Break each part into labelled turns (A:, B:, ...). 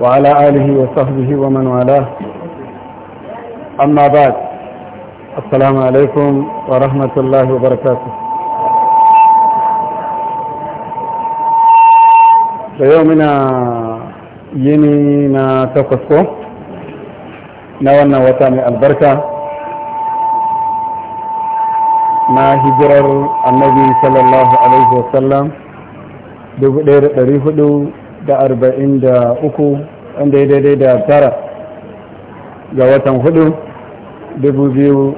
A: وعلى آله وصحبه ومن والاه أما بعد السلام عليكم ورحمة الله وبركاته ليومنا ينينا تقصو نوانا وتامي البركة ما هجرر النبي صلى الله عليه وسلم dubu ɗaya da ɗari hudu da arba'in da uku wanda ya daidai da tara ga watan hudu biyu.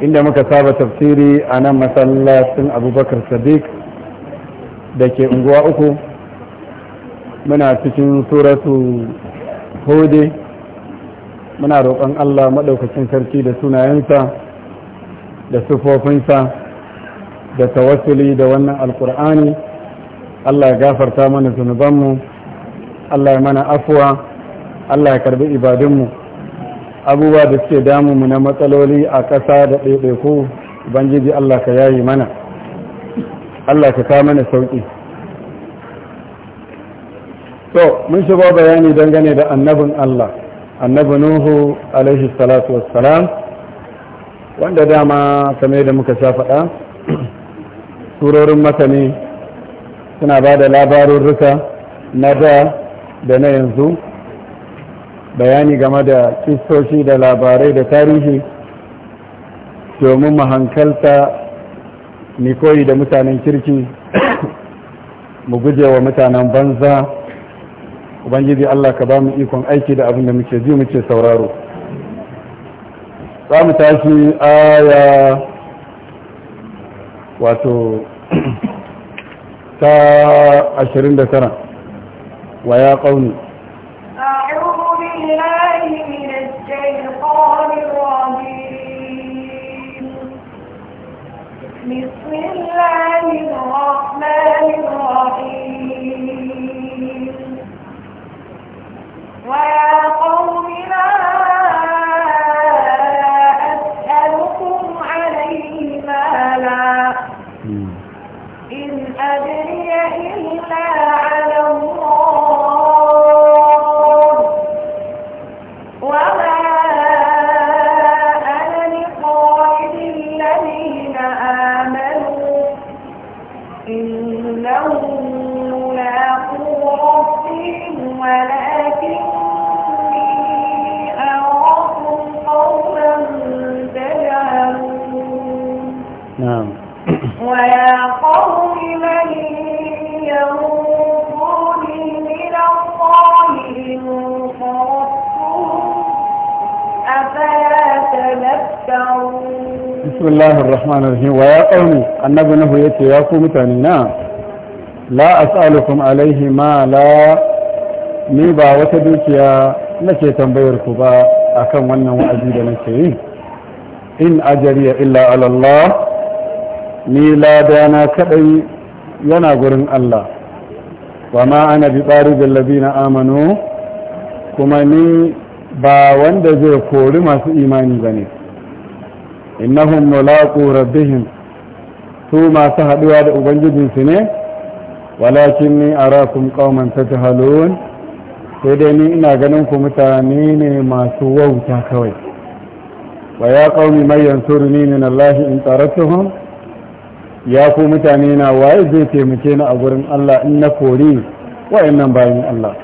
A: inda muka saba tafsiri a nan masallacin abubakar sadiq da ke unguwa uku muna cikin suratu hode muna roƙon allah maɗaukacin sarki da sunayensa da sufofinsa da tawassuli da wannan alkur'ani Allah ya gafarta mana zunubanmu Allah ya mana afuwa Allah ya karbi ibadunmu abubuwa da suke damu mu na matsaloli a ƙasa da ɗaiɗaiku ubangiji Allah ka yayi mana Allah ka ka mana sauƙi to mun shiga bayani dangane da annabin Allah annabi Nuhu alaihi salatu wassalam wanda dama kamar da muka sha faɗa surorin masani. suna ba da labarurruka na da da na yanzu bayani game da kistoshi da labarai da tarihi domin mahankalta ni koyi da mutanen kirki mu guje wa mutanen banza ubangiji Allah ka ba mu ikon aiki da abin da muke ji muke sauraro za mu tashi aya wato تا ترى ويا قوم
B: أعوذ بالله من الشيطان الرجيم بسم الله الرحمن الرحيم ويا قوم
A: bismillahir rahmanir rahim wa annabi nuhu yace ya ku mutane na la alaihi ma la ni ba wata dukiya nake tambayar ku ba akan wannan wa'azi da nake yi illa ala Allah ni ladana kadai yana gurin Allah wa ma ana bi tsaribin labina amanu kuma ni ba wanda zai kori masu imani ba ne innahum mulaqu rabbihim su masu haɗuwa da ubangijinsu ne walakin ni arakum qauman tajhalun sai dai ni ina ganin ku mutane ne masu wauta kawai wa ya qaumi may yansuruni min Allah in taratuhum ya ku mutane na waye zai taimake ni a gurin Allah in na kori wa'annan bayan Allah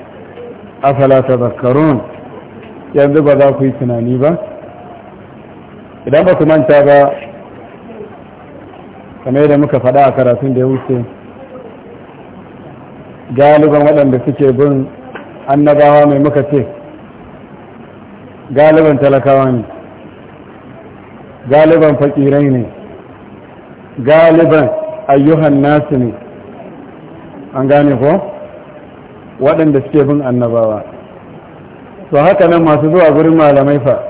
A: afala tadhakkarun yanzu ba za ku yi tunani ba idan ba ku manta ba kamar yadda muka faɗa a karatun da ya wuce galiban waɗanda suke bin annabawa mai muka ce galiban talakawa ne galiban fakirai ne galiban ayyuhan nasu ne an gane ko waɗanda suke bin annabawa to haka nan masu zuwa gurin malamai fa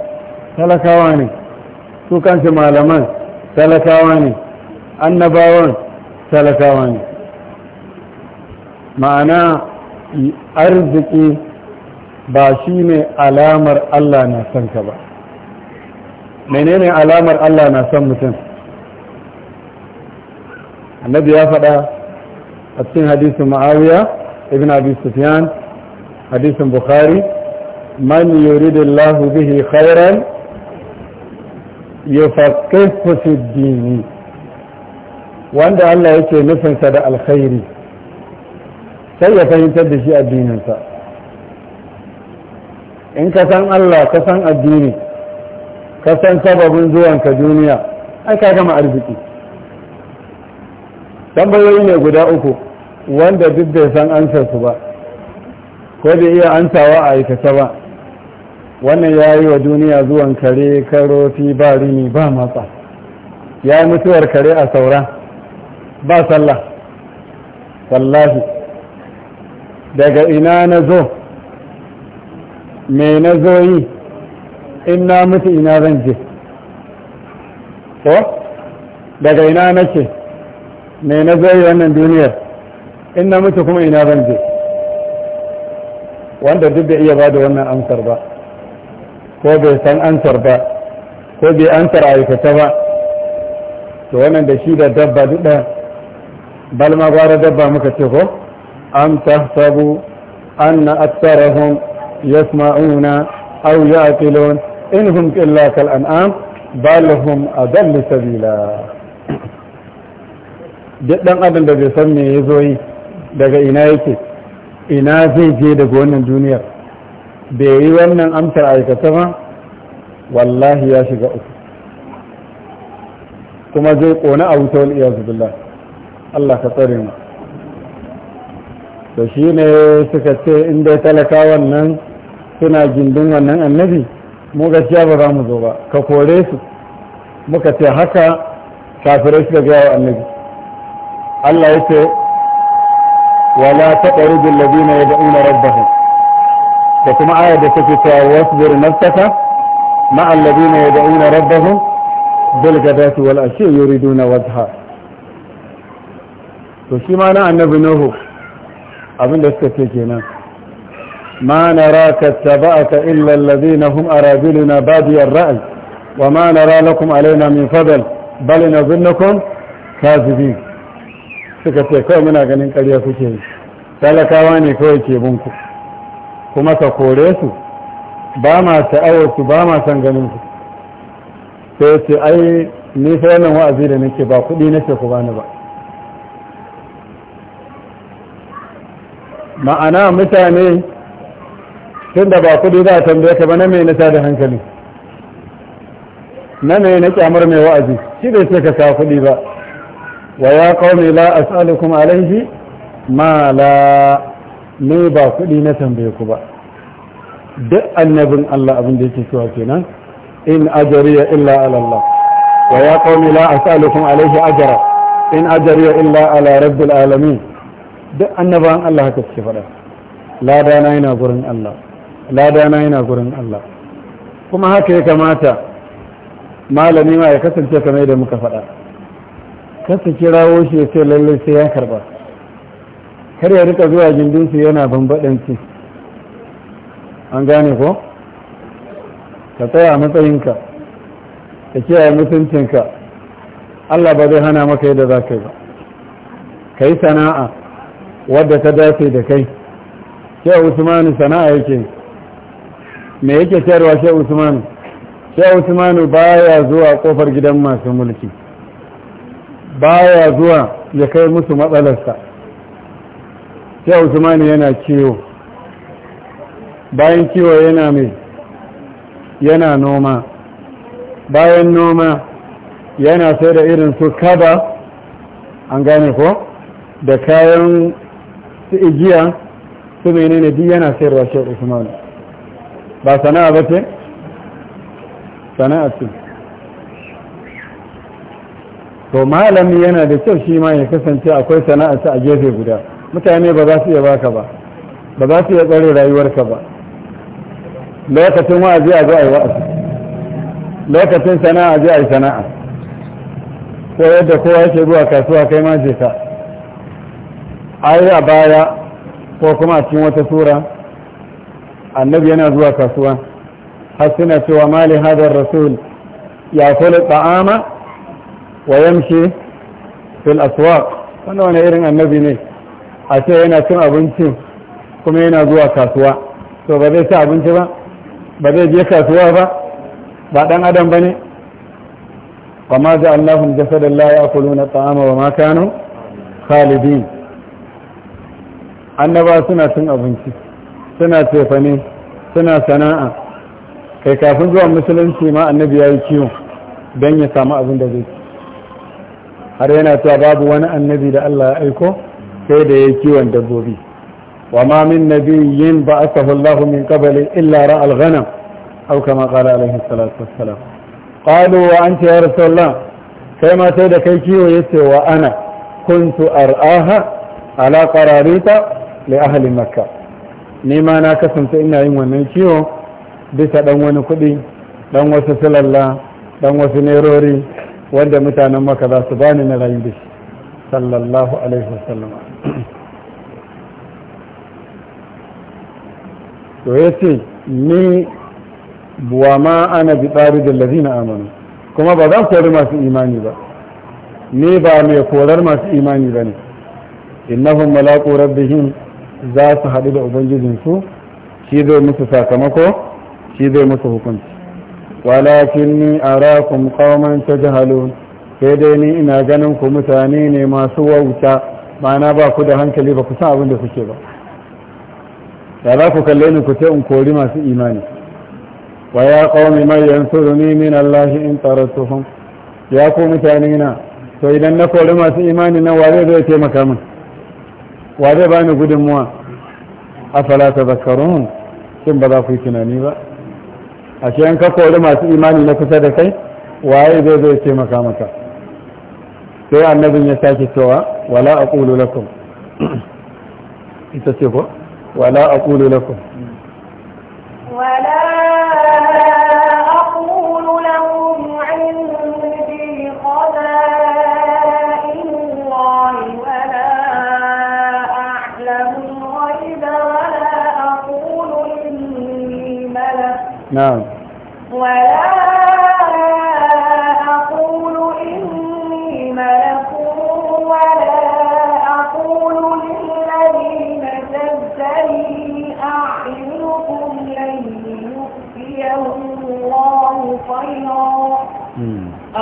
A: talakawa ne su kansu malaman talakawa ne annabawan talakawa ne ma'ana arziki ba shi ne alamar Allah na son ka ba menene alamar Allah na son mutum annabi ya faɗa a cikin hadisin ma'awiya ibn abi sufyan hadisin bukhari man yuridillahu bihi khairan yufaqqihu fi din wanda Allah yake nufinsa da alkhairi sai ya fahimtar da shi addininsa in ka san Allah ka san addini ka san sababin zuwanka duniya ai ka gama arziki tambayoyi ne guda uku wanda duk bai san ansa su ba ko bai iya ansawa a aikata ba wannan ya yi wa duniya zuwan kare karofi ba rini ba matsa ya yi mutuwar kare a saura ba sallah wallahi daga ina na zo me na zo yi in na mutu ina zan je ko daga ina nake me na zo yi wannan duniyar in na mutu kuma ina zan je wanda duk da iya ba da wannan amsar ba ko bai san ansar ba ko bai ansar aikata ba to wannan da shi da dabba duk balma gwara dabba muka ce ko am tahsabu anna aktarahum yasma'una aw ya'qilun in hum illa kal an'am bal hum adall sabila duk dan adam da bai san me yazo yi daga ina yake ina zai je daga wannan duniyar bai yi wannan amsar aikata ba wallahi ya shiga uku kuma zai kona a wuta wani iyazu Allah ka tsare Da shi ne suka ce in dai talakawan nan suna gindin wannan annabi mu gaskiya ba za mu zo ba ka kore su muka ce haka kafirai suka gaya wa annabi Allah ya ce wala taqridu alladhina yad'una rabbahum وكما آية بسكتة واصبر نفسك مع الذين يدعون ربهم بالغداة والأشياء يريدون وجهه وشي معنى أن ابنه أبن هنا ما نراك اتبعك إلا الذين هم أرابلنا بادي الرأي وما نرى لكم علينا من فضل بل نظنكم كاذبين سكتة كومنا قنين قد يفكين فلكواني كويتي بنكم kuma ka kore su ba ma su ba ma san ganin su sai ce ai ni sai wannan wa'azi da nake ba kuɗi nake ku bani ba ma'ana mutane tun da ba kuɗi za a tambaye ka ba na mai nasa da hankali na mai na kyamar mai wa'azi shi da sai ka sa kuɗi ba wa ya kawo mai as'alukum alaihi ma la ne ba kuɗi na tambaye ku ba duk annabin Allah abin da yake cewa kenan in ajariya illa ala Allah wa ya qaumi la as'alukum alayhi ajra in ajariya illa ala rabbil alamin duk annaban Allah haka suke faɗa lada na yana gurin Allah lada na yana gurin Allah kuma haka ya kamata malami ma ya kasance kamar da muka faɗa kasa kirawo shi ya ce lallai sai ya karba kar ya rika zuwa gindinsu yana bambadanci an gane ko ka tsaya matsayinka ka kiyaye mutuncinka Allah ba zai hana maka yadda za ka yi ba ka yi sana'a wadda ta dace da kai a usmanu sana'a yake me yake sayarwa a usmanu a usmanu baya zuwa kofar gidan masu mulki baya zuwa ya kai musu matsalarsa sai usmani yana kiwo bayan kiwo yana mai yana noma bayan noma yana sai da irin su kaba an gane ko da kayan su igiya su menene duk yana sai rashe usmani ba sana'a ba ce sana'a ce to malami yana da kyau shi ma ya kasance akwai sana'a a gefe guda mutane ba za su iya baka ba ba za su iya tsare rayuwarka ba lokacin wa'azi a zo a yi wa'azi lokacin sana'a zai a yi sana'a ko yadda kowa yake zuwa kasuwa kai ma je ka ai a baya ko kuma a cikin wata sura annabi yana zuwa kasuwa har suna cewa mali hadar rasul ya kula ta'ama wa yamshi fil aswaq wannan wani irin annabi ne a ce yana cin abinci kuma yana zuwa kasuwa to ba zai ci abinci ba ba zai je kasuwa ba ba dan adam ba ne ma da allahun jasadar la ya kulu na ta'ama wa makanu khalidin annaba suna cin abinci suna cefane suna sana'a kai kafin zuwa musulunci ma annabi ya yi kiwo don ya samu abin da zai ci har yana cewa babu wani annabi da allah ya aiko sai da ya kiwon dabbobi wa ma min nabiyyin ba asahu Allah min qabli illa ra'a al-ghanam aw kama qala alaihi salatu wassalam qalu wa anta ya rasulullah kai ma sai da kai kiwo yace wa ana kuntu ar'aha ala qararita li ahli makkah ni ma na kasance ina yin wannan kiwo bisa dan wani kuɗi dan wasu silalla dan wasu nerori wanda mutanen maka za su bani na rayu da shi sallallahu alaihi wasallam to ya ce ni buwa ma ana bi tsari da lazina amanu kuma ba zan kori masu imani ba ni ba mai korar masu imani ba ne innahum malaku rabbihim za su haɗu da ubangijinsu shi zai musu sakamako shi zai musu hukunci walakin ni arakum ta jihalo sai dai ni ina ganin ku mutane ne masu wauta ma'ana ba ku da hankali ba ku san abin da kuke ba da za ku kalle ni ku ce in kori masu imani wa ya qaumi man yansuruni min allahi in taratuhum ya ku mutane na to idan na kori masu imani na wa zai taimaka min ware ba ni gudunmuwa afala tadhakkarun shin ba za ku yi tunani ba ashe an ka kori masu imani na kusa da kai waye zai zai taimaka maka سيا النبي يساكي سوا ولا أقول لكم يتسيقه ولا أقول لكم
B: ولا أقول لهم عندي خزائن الله ولا أعلم الغيب ولا أقول إني ملك نعم ولا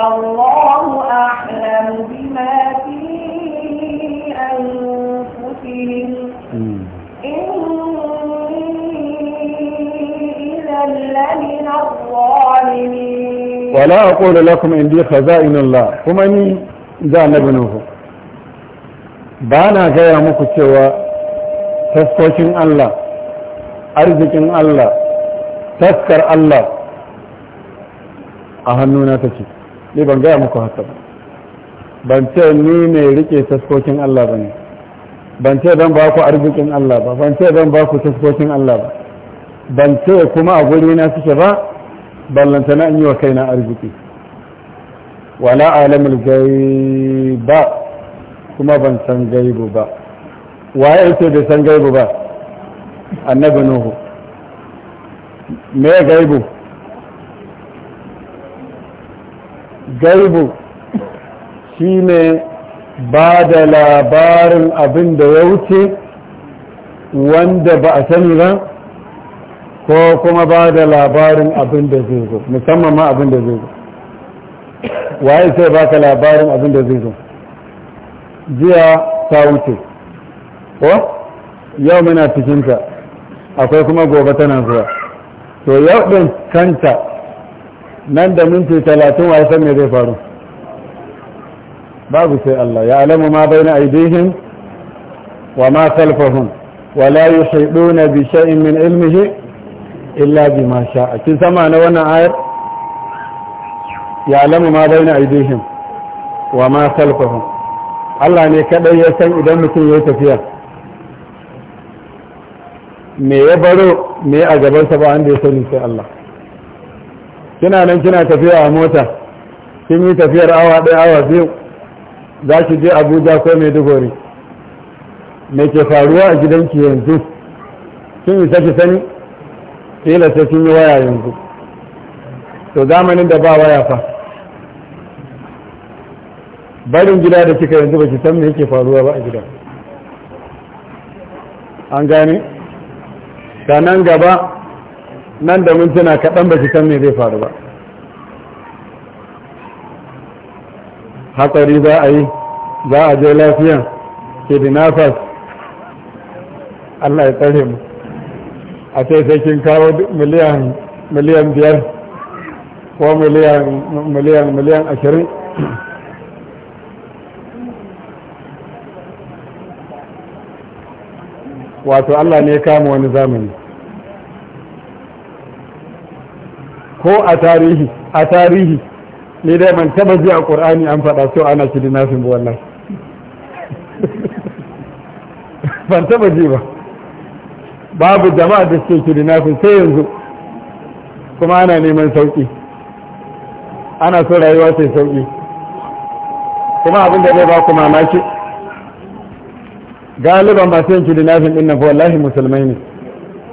B: الله أعلم بما في أنفسهم إني إذا لمن الظالمين ولا أقول
A: لكم عندي خزائن الله هم أني ذا نبنوه bana gaya muku cewa taskokin Allah arzikin Allah taskar Allah a hannuna take ni ban gaya muku haka ba ban ce ni ne rike taskokin Allah ba ne ban ce ban ba ku arzikin Allah ba ban ce ban ba ku taskokin Allah ba ban ce kuma a guri na suke ba ballanta na yi wa kaina arziki wala alamul ba kuma ban san gaibu ba waye ce bai san gaibu ba annabi nuhu me gaibu gaibu ne ba da labarin abin da ya wuce wanda ba a sani ba ko kuma ba da labarin abin da zai zo musamman ma abin da zai zo waye sai ba ka labarin abin da zai zo jiya ta wuce ko yau muna cikinta akwai kuma gobe tana zuwa to yau ɗin kanta nan da minti talatin wa san me zai faru babu sai Allah ya alamu ma bai na aidihim wa ma salfahun wa la yuhiduna bi shay'in min ilmihi illa bima sha'a kin sama na wannan ayar ya alamu ma bai na aidihim wa ma salfahun Allah ne kadai ya san idan mutum ya tafiya me ya baro me a gabansa ba an da ya sani sai Allah kina nan kina tafiya a mota kin yi tafiyar awa ɗaya awa biyu za ki je abuja ko maiduguri me ke faruwa a gidanki yanzu kin yi saki sani kila sai kin yi waya yanzu to zamanin da ba waya fa barin gida da kika yanzu ba ki san me yake faruwa ba a gida an gane nan gaba nan da mintuna kaɗan ba ki san me zai faru ba hatsari za a yi za a je lafiyan ke dinafas Allah ya tsare mu a sai sai kin kawo miliyan biyar ko miliyan miliyan ashirin wato Allah ne ya kama wani zamani ko a tarihi a tarihi ni dai ban taba ji a qur'ani an faɗa so ana kidnapping ba wallahi ban taba ji ba babu jama'a da suke kidnapping sai yanzu kuma ana neman sauki ana so rayuwa sai sauki kuma abin da zai ba ku mamaki galiban masu yin kidnapping din nan wallahi musulmai ne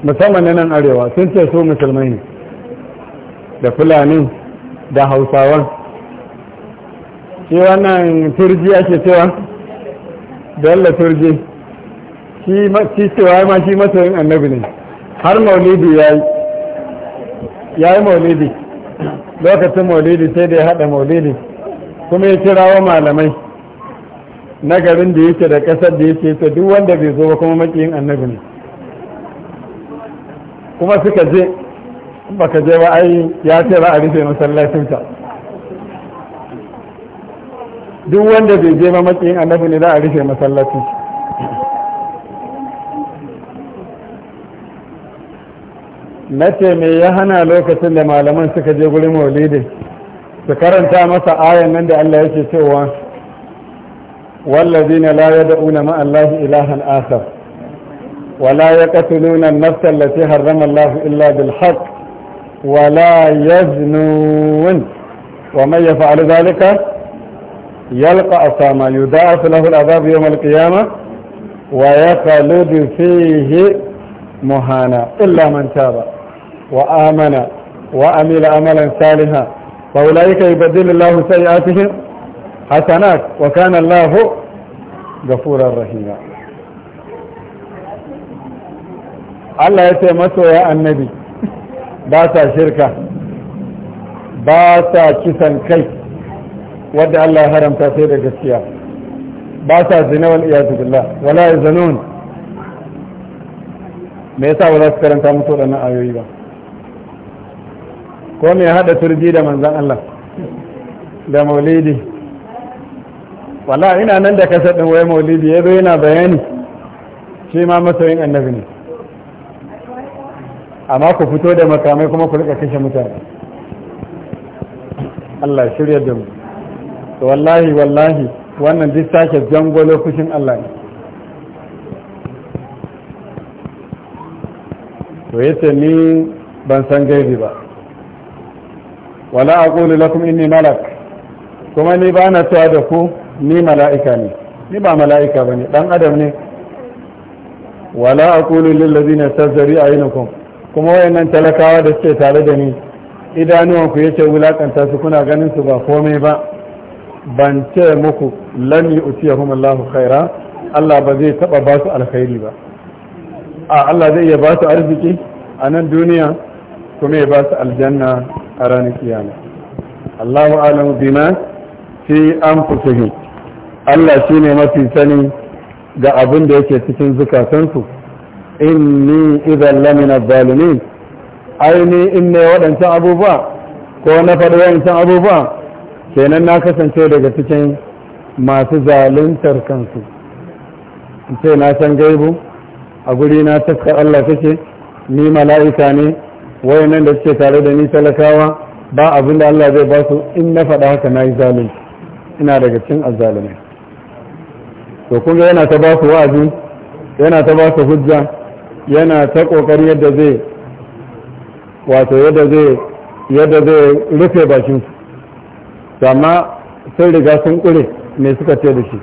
A: musamman nan arewa sun ce su musulmai ne da fulani da hausawan shi wannan turji ake cewa dalla turji shi cewa ma shi matsayin annabi ne har maulidi ya yi ya yi maulidi lokacin maulidi sai da ya haɗa maulidi kuma ya kira wa malamai na garin da yake da ƙasar da yake ta duk wanda bai zo ba kuma makiyin annabi ne kuma suka je baka je ba ai ya ce ba a rufe ta
C: duk wanda bai
A: je ba makiyin annabi ne za a rufe masallacin na ce me ya hana lokacin da malaman suka je gurin maulidin su karanta masa ayan nan da Allah yake cewa wallazina la yad'una ma Allah ilahan akhar ولا يقتلون النفس التي حرم الله إلا بالحق ولا يزنون ومن يفعل ذلك يلقى أساما يضاعف له العذاب يوم القيامة ويخلد فيه مهانا إلا من تاب وآمن وأمل أملا صالحا فأولئك يبدل الله سيئاتهم حسنات وكان الله غفورا رحيما الله ya يا النبي ba sa shirka ba sa kisan kai wadda Allah ya haramta sai da gaskiya ba sa zina wal iyadu billah wala yazanun me yasa wala su karanta musu waɗannan ayoyi ba ko me hada turji da manzon Allah da maulidi wala ina nan da kasa din wai maulidi yazo yana bayani shi ma masoyin annabi ne amma ku fito da makamai kuma ku rika kashe mutane Allah shirya da mu to wallahi wallahi wannan duk sake jangolo fushin Allah ne to yace ni ban san gaibi ba wala aqulu lakum inni malak kuma ni ba na tsaya da ku ni mala'ika ne ni ba mala'ika bane dan adam ne wala aqulu lil ladina tazri aynakum kuma wayannan talakawa da suke tare da ni idanuwan ku yace wulakanta su kuna ganin su ba komai ba ban ce muku lam yu'tihum Allahu khaira Allah ba zai taba ba su alkhairi ba a Allah zai iya ba su arziki a nan duniya kuma ya ba su aljanna a ranar kiyama Allahu alamu bima fi anfusihim Allah shine mafi sani ga abin da yake cikin zukatansu inni idan lamina zalimin aini in ne waɗancan abubuwa ko na faɗi waɗancan abubuwa kenan na kasance daga cikin masu zaluntar kansu ce na san gaibu a guri na taskar Allah kake ni mala'ika ne wayannan da suke tare da ni talakawa ba abin da Allah zai ba su in na faɗa haka na yi zalunci ina daga cikin azzalumai to kun yana ta ba su wa'azi yana ta ba su hujja yana ta kokari yadda zai wato yadda zai yadda zai rufe bakin su amma sun riga sun kure mai suka ce da shi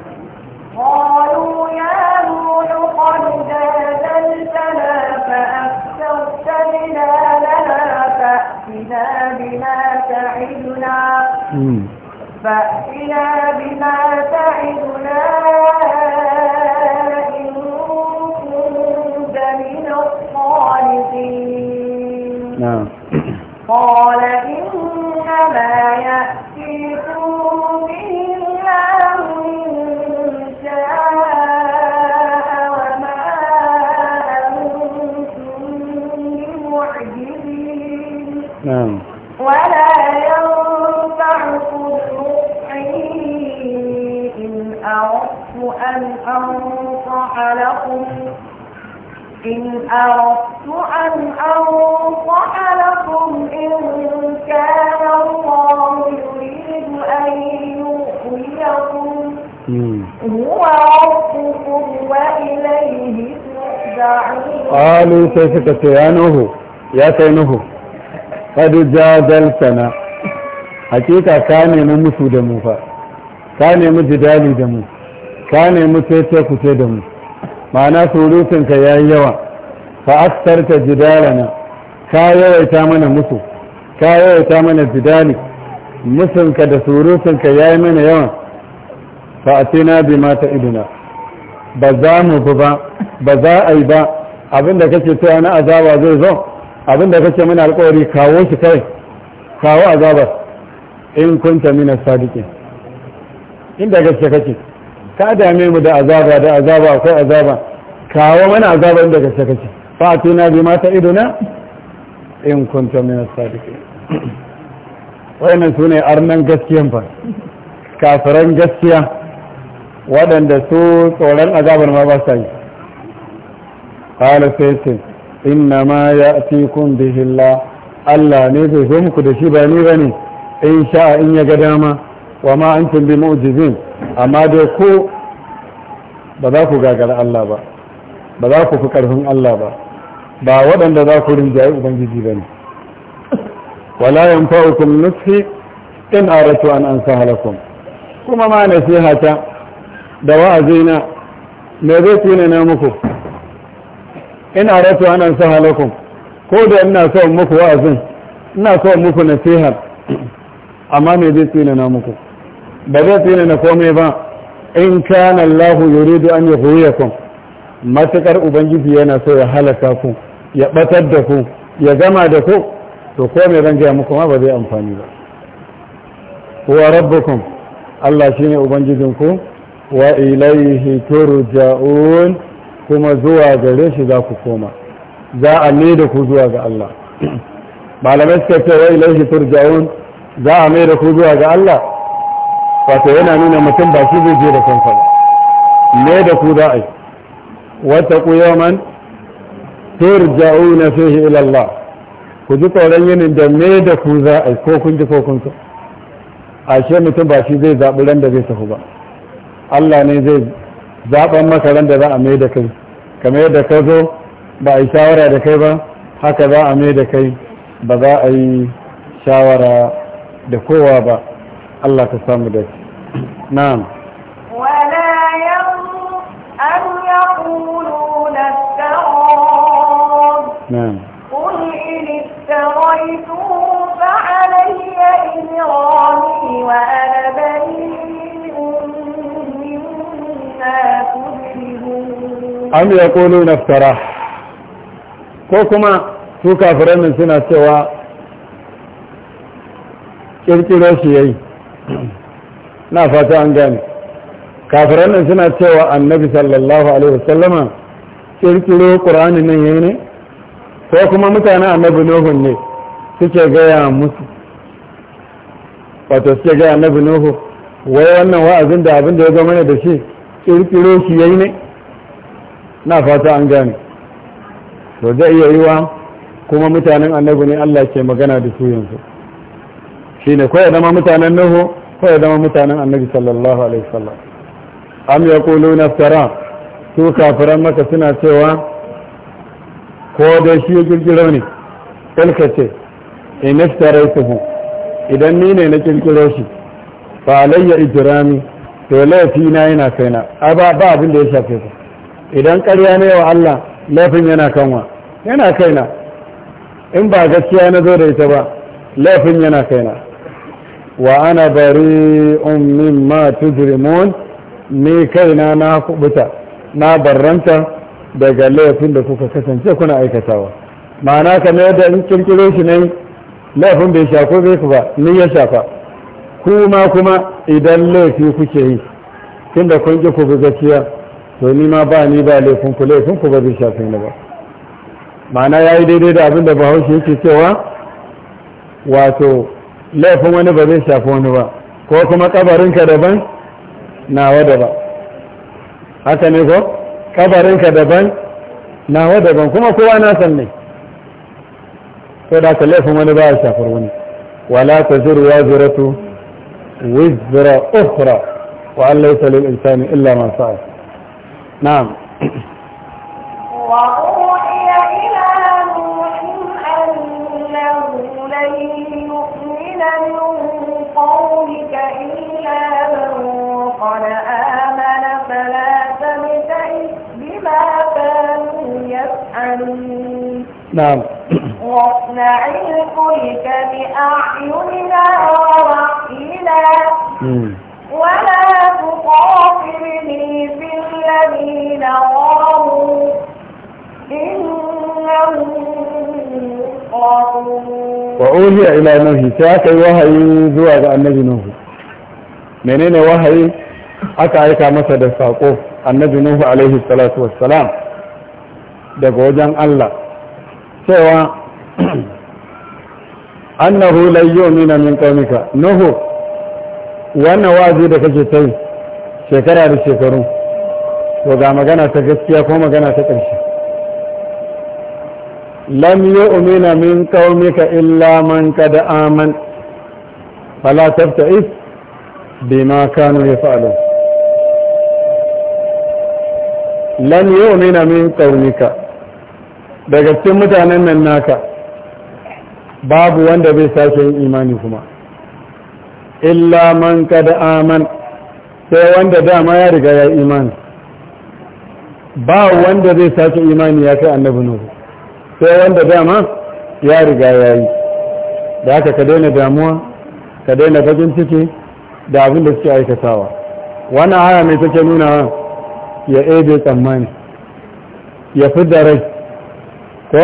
B: فأتنا بما تعدنا قال إنما يأتيكم به الله إن شاء وما أنتم بمعجزين نعم ولا ينفعكم نصحي إن أردت أن أنصح لكم إن أردت
A: qalu sai suka ce ya nuhu ya kai nuhu qad jadaltana hakika ka nemi musu da mu fa ka nemi jidali da mu ka nemi tece kuce da mu ma'ana surutunka ya yi yawa fa aksarta jidalana ka yawaita mana musu ka yawaita mana jidali musunka da surutunka ya yi mana yawan fa a bi mata iduna ba za mu bi ba ba za a yi ba abinda kake cewa na azaba zai zo abinda kake mana alkawari kawo shi kai kawo azabar in kunta mina sadiki inda gaske kake ka dame mu da azaba da azaba akwai azaba kawo mana azaba inda gaske kake tuna bi mata idona in kunta mina sadiki wayannan sune arnan gaskiyan fa kafiran gaskiya waɗanda su tsoron azabar ma ba sa yi ƙala inna ma ya fi kun bihilla Allah ne zai zo muku da shi ba ni ba ne in sha'a in ya ga dama wa ma an tun bi mu'jizin amma dai ko ba za ku gagara Allah ba ba za ku fi ƙarfin Allah ba ba waɗanda za ku rinjaye Ubangiji ba ne wala yanfa'ukum nufi in aratu an ansa lakum kuma ma nasihata da wa'azina me zai tsina na muku Ina aratu ana saha lakum ko da ina son muku wa'azin ina son muku na nasiha amma me zai tsina na muku ba zai tsina na komai ba in kana Allah yuridu an yahuyakum matakar ubangiji yana so ya halaka ku ya batar da ku ya gama da ku to ko me zan gaya muku ma ba zai amfani ba Wa rabbukum Allah shine ubangijinku wa ilaihi turja'un kuma zuwa gare shi za ku koma za a ne da ku zuwa ga Allah malamai suka ce wa ilaihi turja'un za a mai da ku zuwa ga Allah wato yana nuna mutum ba shi zai je da kansa ba ne da ku za a yi wata ku yaman turja'una fihi ila Allah ku ji tsoron yinin da me da ku za a yi ko kun ji ko kun so ashe mutum ba shi zai zaɓi ran da zai tafi ba Allah ne zai zaɓan maka ran da za a mai da kai kamar yadda ka zo ba a yi shawara da kai ba haka za a mai da kai ba za a yi shawara da kowa ba Allah ka samu da shi na'am
B: نعم قل إن افتريته فعلي إجرامي وأنا am ya
A: kolo naftara ko kuma su kafiran suna cewa kirkiro shi yayi na fata an gani kafiran suna cewa annabi sallallahu alaihi wasallama kirkiro qur'ani nan yayi ne ko kuma mutane annabi nuhu ne suke gaya musu wato suke gaya annabi nuhu wai wannan wa'azin da abin da ya zama ne da shi kirkiro shi yayi ne na fata an gane to zai iya yiwa kuma mutanen annabi ne Allah ke magana da su yanzu shine ne zama mutanen nuhu ko zama mutanen annabi sallallahu alaihi sallam. am na fara su kafiran maka suna cewa ko da shi ya kirkiro ne ilka ce in iftaraituhu idan ni ne na kirkiro shi ba alayya ijirami to laifi na yana kaina a ba abin da ya shafe ka idan karya ne wa Allah laifin yana kanwa yana kaina in ba gaskiya na zo da ita ba laifin yana kaina wa ana bari ummin ma tujrimun ni kaina na kubuta na barranta daga laifin da kuka kasance kuna aikatawa ma'ana kamar yadda in kirkiro shi ne laifin bai shafo zai ku ba ni ya shafa kuma kuma idan laifi kuke yi tunda kun ki ku bi gaskiya to ni ma ba ni ba laifinku laifinku ba zai shafe ni ba ma'ana ya yi daidai da abin da bahaushe yake cewa wato laifin wani ba zai shafi wani ba ko kuma kabarinka daban nawa daban haka ne ko kabarinka daban nawa daban kuma kowa na san ne ko da ka laifin wani ba ya shafar wani wala ta zuru ya zuratu wizra ukhra wa an laysa lil insani illa ma sa'a نعم
B: وأوحي إلى نوح أنه لن يؤمن من قومك إلا من قد آمن فلا تبتئس بما كانوا يفعلون نعم واصنع الفلك بأعيننا ورسولنا
A: ohiya ila nuhi sai aka yi wahayi zuwa ga annabi nuhu menene wahayi aka aika masa da saƙo annabi nuhu alaihi salatu wassalam daga wajen Allah cewa annahu lai mina min kaunika nuhu wannan wazi da kake tai shekara da shekaru to ga magana ta gaskiya ko magana ta ƙarshe لم يؤمن من قومك illa man قد aman فلا تبتئس بما كانوا يفعلون لن يؤمن من قومك daga cikin mutanen nan naka babu wanda bai sake yin imani kuma illa man kada aman sai wanda dama ya riga ya imani ba wanda zai sake imani ya kai annabi nuhu sai wanda dama ya riga ya yi da haka ka daina damuwa ka daina bakin ciki da abin da suke aikatawa wannan haya mai take nuna ya ebe tsammani ya fi da rai ko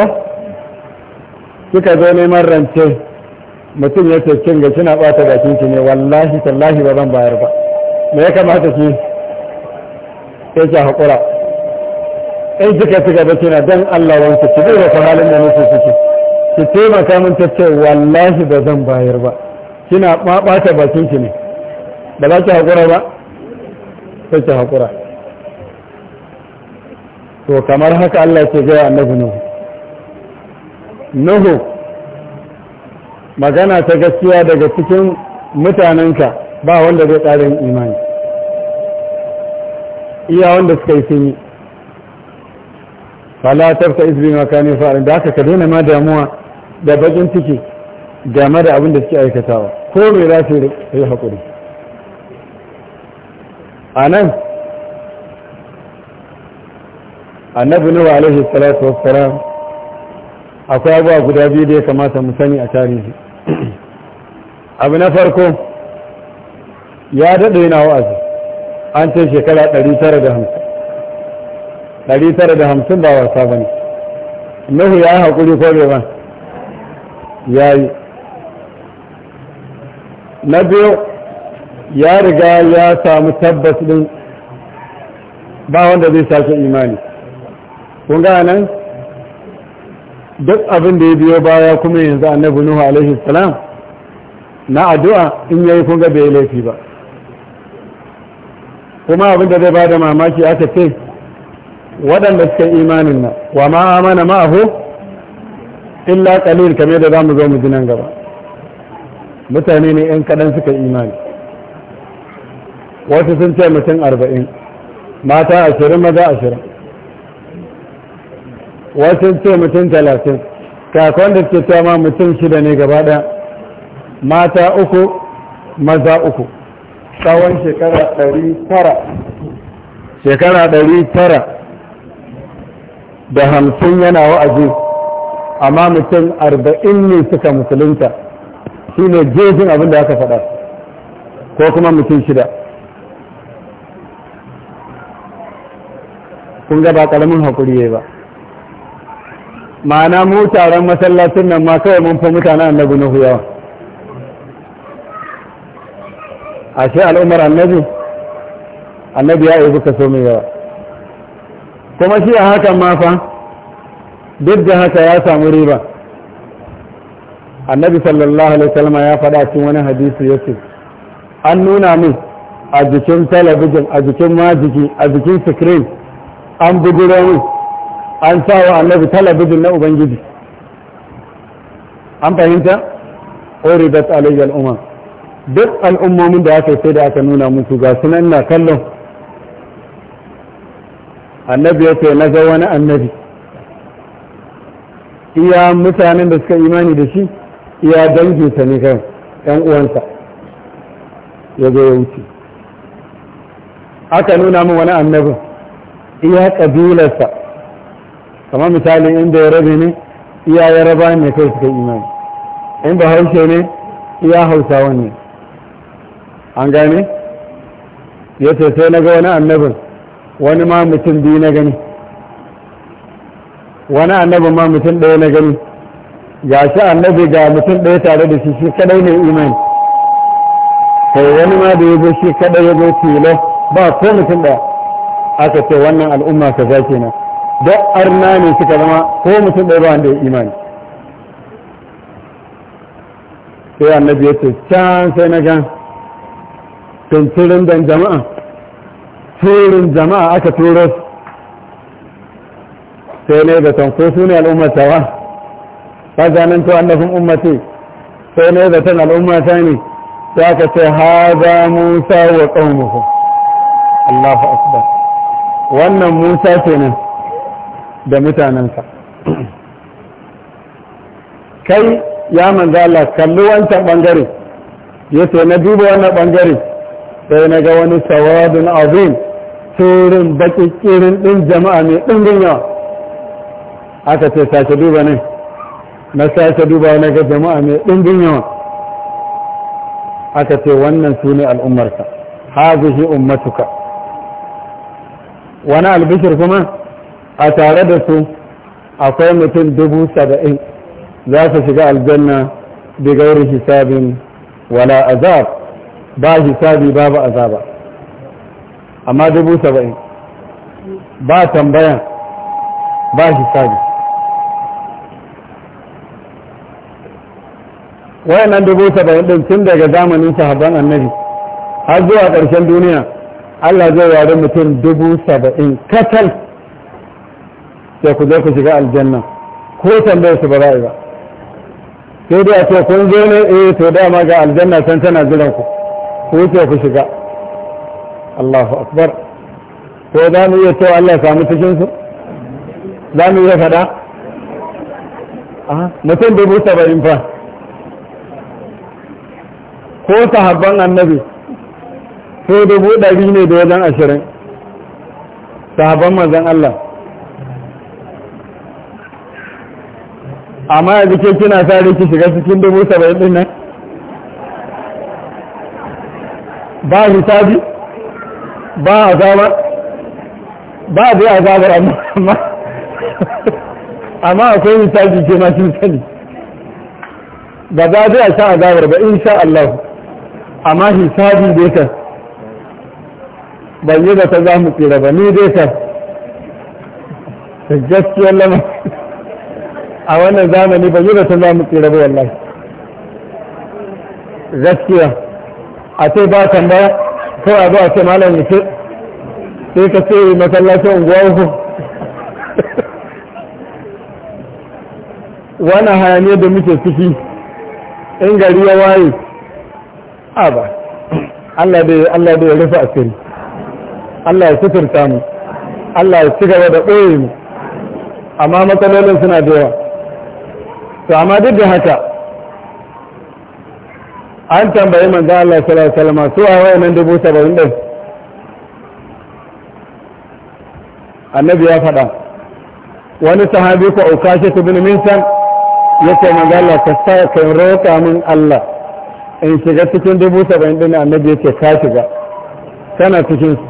A: suka zo neman rance mutum ya ce cin gashi kina bata bakin ki ne wallahi tallahi ba zan bayar ba me ya kamata ki sai ki haƙura in suka ci gaba kina don Allah wanke ki zai wata halin da nake suke ki taimaka min ta ce wallahi ba zan bayar ba kina ɓata bakin ki ne ba za ki haƙura ba sai ki haƙura to kamar haka Allah ke gaya annabi Nuhu Nuhu magana ta gaskiya daga cikin mutanenka ba wanda zai tsarin imani iya wanda suka yi sun yi fala tarka izbi makanin fa'alin da haka ka daina ma damuwa da bakin ciki game da abin da suke aikatawa ko mai za su yi haƙuri a nan annabi nuwa alaihi salatu wassalam akwai abuwa guda biyu da ya kamata mu sani a tarihi abu na farko ya daɗe yana wa'azi an ce shekara 950 ɗari tara da hamsin ba wasa ba ne nuhu ya yi haƙuri ko bai ba ya yi na biyu ya riga ya samu tabbas ɗin ba wanda zai sake imani kun ga nan duk abin da ya biyo baya kuma yanzu annabi nuhu alaihi salam na addu'a in yayi kun ga bai laifi ba kuma abin da zai bada mamaki aka ce waɗanda suka imanin nan wa ma amana ma'ahu illa qalil kamar da zamu zo mu ji nan gaba mutane ne yan kaɗan suka imani wasu sun ce mutum arba'in mata ashirin maza ashirin wasu ce mutum talatin kakon da suke cewa mutum shida ne gaba ɗaya mata uku maza uku tsawon shekara ɗari tara shekara ɗari tara da hamsin yana wa'azi amma mutum arba'in ne suka musulunta shi ne jejin abin da aka faɗa ko kuma mutum shida kun ga ba ƙaramin haƙuri ya ba ma'ana mu taron masallacin nan ma kawai mun fa mutane annabi na yawa ashe al'ummar annabi annabi ya yi buka so mai yawa kuma shi a hakan ma fa duk da haka ya samu riba annabi sallallahu alaihi wasallam ya faɗa cikin wani hadisi yace an nuna min a jikin talabijin a jikin majiki a jikin screen an buguro min an sawa annabi talabijin na ubangiji an fahimta uridat alayya al'umma duk al'ummomin da aka sai da aka nuna musu ga sunan na kallon annabi ya ce na ga wani annabi iya mutanen da suka imani da shi iya ta ne kan ‘yan uwansa ya zo ya wuce aka nuna min wani annabin iya ƙabilarsa kama misalin inda ya rabe ne iya ya raba ne kai suka imani inda haushe ne iya hausawan ne an gane ya ce sai na ga wani annabin wani ma mutum biyu na gani wani annabi ma mutum ɗaya na gani ga shi annabi ga mutum ɗaya tare da shi shi kadai ne imani kai wani ma da ya zo shi kadai ya zo tilo ba ko mutum ɗaya aka ce wannan al'umma ka za kenan duk arna ne suka zama ko mutum ɗaya ba wanda ya imani sai annabi ya ce can sai na gan tunturin dan jama'a turin jama'a aka turo sai ne da tanko su ne wa ba zanen to annafin ummati sai ne da tan al'ummata ne sai aka ce za musa wa ƙaunuhu allahu akbar wannan musa nan da mutanensa kai ya manza Allah kalli wancan bangare yace na duba wannan bangare sai na ga wani sawadin azim turin baki kirin din jama'a mai ɗimbin yawa aka ce sake duba ne na sake duba na ga jama'a mai ɗimbin yawa aka ce wannan su ne al'ummarka hazihi ummatuka wani albishir kuma a tare da su akwai mutum dubu saba'in za su shiga aljanna bigairi hisabin wala azab ba hisabi babu azaba amma dubu saba'in ba tambayan ba hisabi wayannan dubu saba'in din tun daga zamanin sahabban annabi har zuwa ƙarshen duniya Allah zai ware mutum dubu saba'in katal sai ku zai ku shiga aljanna ko tambayar su ba za ba sai dai a ce kun zo ne eh to dama ga aljanna san tana jiran ku ku wuce ku shiga Allahu akbar ko za mu iya cewa Allah ya samu cikin su za mu iya faɗa mutum bai mutu ba in fa ko sahabban annabi ko dubu ɗari ne da wajen ashirin sahabban manzan Allah amma yanzu ke kina sa riki shiga cikin dubu saba'in ɗin nan ba hisabi ba a zama ba a biya zabar amma akwai misali ke masu sani ba za a biya sha a zabar ba in sha Allah amma hisabi dai ban yi da ta za mu tsira ba ni daikar kan gaskiyar lama a wannan zamani ban yi da ta za mu tsira ba wallahi gaskiya a ce ba kan baya kawai zuwa ce malam ya ce sai ka ce masallacin unguwa ku wani hayaniyar da muke ciki in gari ya waye a ba Allah da ya rufe a siri Allah ya suturta mu Allah ya cigaba da ɓoye mu amma matsalolin suna da yawa to amma duk da haka an tambayi manzo Allah sallallahu alaihi wasallam su a wayannan dubu saba'in din annabi ya faɗa wani sahabi ko ukashi ibn minsan ce manzo Allah ka sa ka roƙa min Allah in shiga cikin dubu saba'in din annabi ya ce ka shiga kana cikin su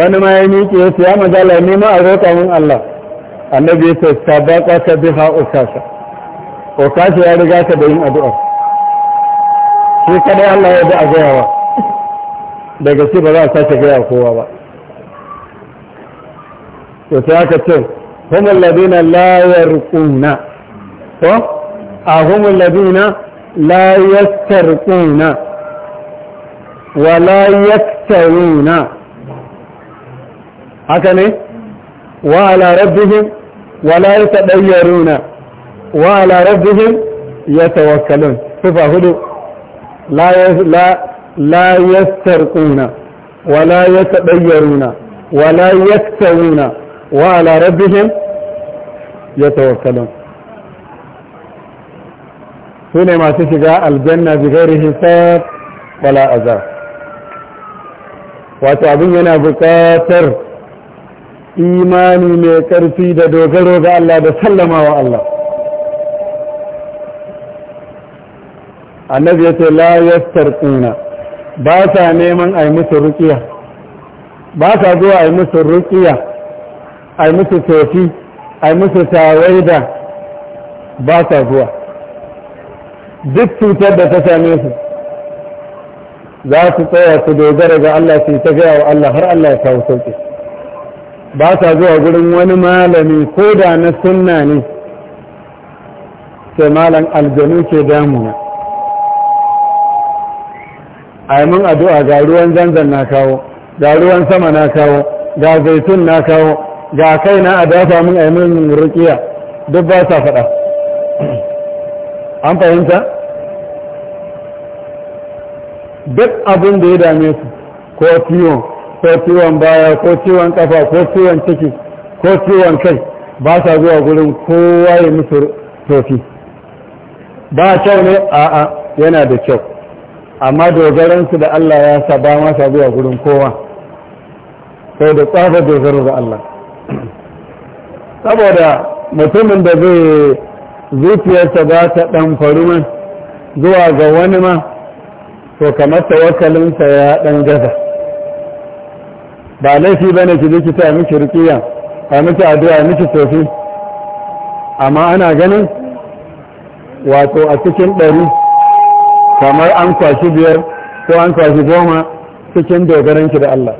A: wani ma ya miƙe yace ya manzo Allah ni ma a roƙa min Allah annabi ya ce yace ka biha ukasha ukasha ya riga ka da yin addu'a shi kadai Allah ya bi a gaya gayawa daga shi ba za a sake gaya kowa ba to sai aka ce humul ladina la yarquna Ko a humul ladina la yastarquna wa la yaktaruna haka ne wa ala rabbihim wa la yatadayyaruna wa ala rabbihim yatawakkalun sifa hudu la yastarquna wa la yatadayyaruna wa la yaktawuna wa ala rabbihim yatawakkalun sune masu shiga aljanna bi ghairi wala azab wato abin yana buƙatar imani mai ƙarfi da dogaro ga Allah da sallamawa Allah annabi ya ce la yastarquna ba sa neman ai musu ruqiya ba sa zuwa ai musu ruqiya ai musu tofi ai musu tawaida ba sa zuwa duk cutar da ta same su za su tsaya su dogara ga Allah su ta gaya wa Allah har Allah ya kawo sauƙi ba sa zuwa gurin wani malami ko da na sunna ne sai malam aljanu ke damuna a yi addu'a ga ruwan zanzan na kawo ga ruwan sama na kawo ga zaitun na kawo ga kai na a dafa a yi mun rukiya duk ba sa faɗa an fahimta duk abin da ya dame su ko ciwon ko ciwon baya ko ciwon kafa ko ciwon ciki ko ciwon kai ba sa zuwa gurin kowa ya musu tofi ba kyau ne a'a yana da kyau amma dogaransu da Allah ya sa ba sa zuwa gurin kowa sai da tsafa dogaro ga Allah saboda mutumin da zai zuciyarsa za ta ɗan faru zuwa ga wani ma to kamar wakalinsa ya ɗan gaza ba laifi ba ne ki ji ta miki rikiya a miki addu'a miki sofi amma ana ganin wato a cikin ɗari kamar an kwashi biyar ko an kwashi goma cikin dogaranki da Allah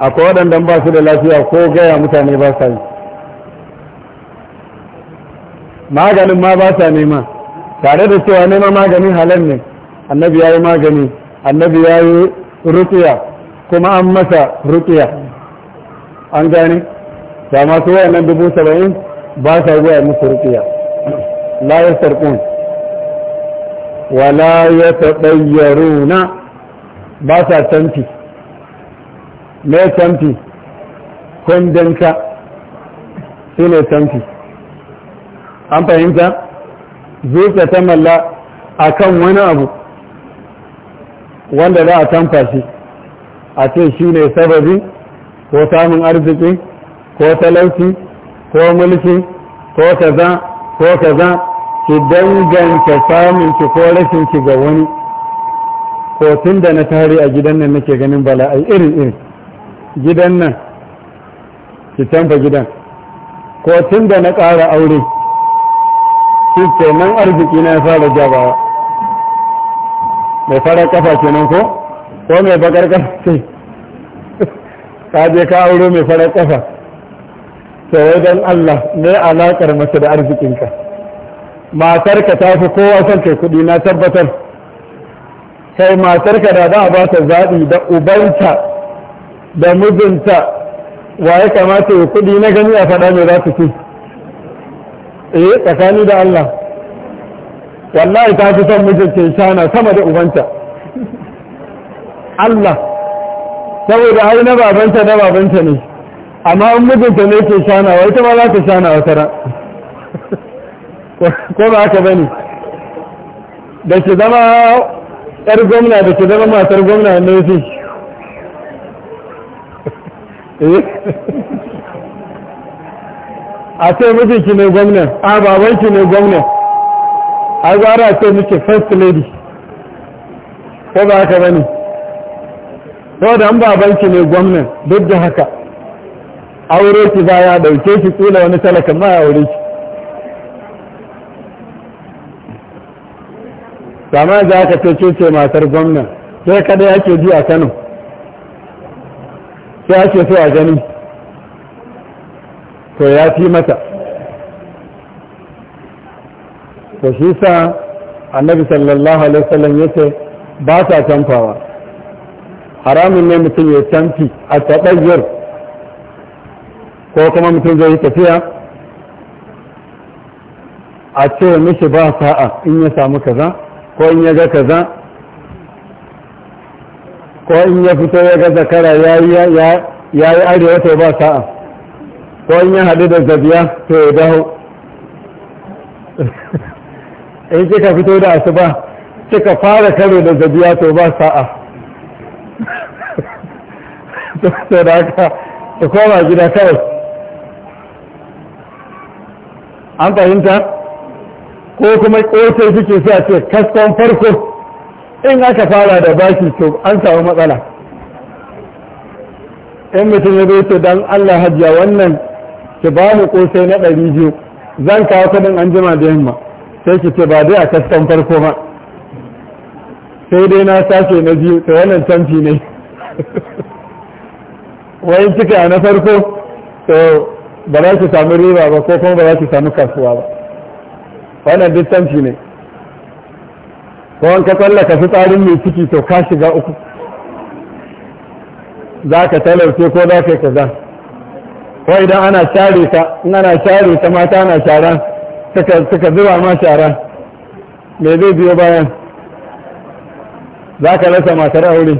A: akwai waɗanda ba su da lafiya ko gaya mutane ba sa yi maganin ma ba sa nema tare da cewa nema maganin halar ne annabi ya yi magani annabi ya yi rukiya kuma an masa rukiya an gani da masu wayannan dubu saba'in ba sa zuwa musu rukiya layar sarkun wala ya taɗayyaruna ba sa tamfi mai tamfi kundinka su ne tamfi an fahimta zuka ta malla a kan wani abu wanda za a canfa shi a ce shi ne sababi ko samun arziki ko talauci ko mulki ko kaza ko kaza ki danganta samun ki ko rashin ki ga wani ko tun da na tare a gidan nan nake ganin bala'ai irin irin gidan nan ki tamba gidan ko tun da na ƙara aure shi nan arziki na ya fara jabawa mai fara kafa nan ko ko mai bakar kafa ce ka je ka aure mai fara kafa sai wajen Allah mai alaƙar mace da arzikinka matarka ta fi kowa son kai kuɗi na tabbatar kai ka da za a ba ta zaɓi da ubanta da mijinta wa ya kamata ya kuɗi na gani a faɗa mai za su ci eh tsakani da Allah wallahi ta fi son mijinta shana sama da ubanta Allah saboda hau na babanta na babanta ne amma mijinta ne ke shana wa ita ba za ta shana wata ran ko ba haka bane da ke zama yar gwamna da ke zama matar gwamna na yafi eh? a ce mijinki ne gwamna a babanki ne gwamna a gwara a ce muke first lady ko ba haka bane ko da an babanki ne gwamna duk da haka aure ki baya dauke ki kila wani talaka ma aure ki sama za ka ce ce matar gwamna sai kada ya ke ji a kano sai ake so a gani to ya fi mata to shi sa annabi sallallahu alaihi wasallam ya ce ba sa canfawa haramun ne mutum ya canfi a taɓayyar ko kuma mutum zai yi tafiya a ce mishi ba sa'a in ya samu kaza ko in ya ga kaza ko in ya fito ya ga zakara ya yi arewa to ba sa'a ko in ya haɗu da zabiya to ya dawo in kika fito da asuba kika fara karo da zabiya to ba sa'a to da haka ta koma gida kawai an fahimta? ko kuma ƙoce suke sa ce kaskon farko in aka fara da bashi to an samu matsala in mutum ya zai ce don allah hajiya wannan ki ba mu ƙoce na ɗari biyu zan kawo kudin an jima da yamma sai ki ce ba dai a kaskon farko ma sai dai na sake na biyu to wannan canfi ne wai kika na farko to ba za ki samu riba ba ko kuma ba za ki samu kasuwa ba wannan duk tamshi ne ko an ka tsallaka fitsarin mai ciki to ka shiga uku za ka talauce ko za ka yi kaza ko idan ana share ka in ana share ta mata na shara suka zuba ma shara me zai biyo bayan za ka rasa matar aure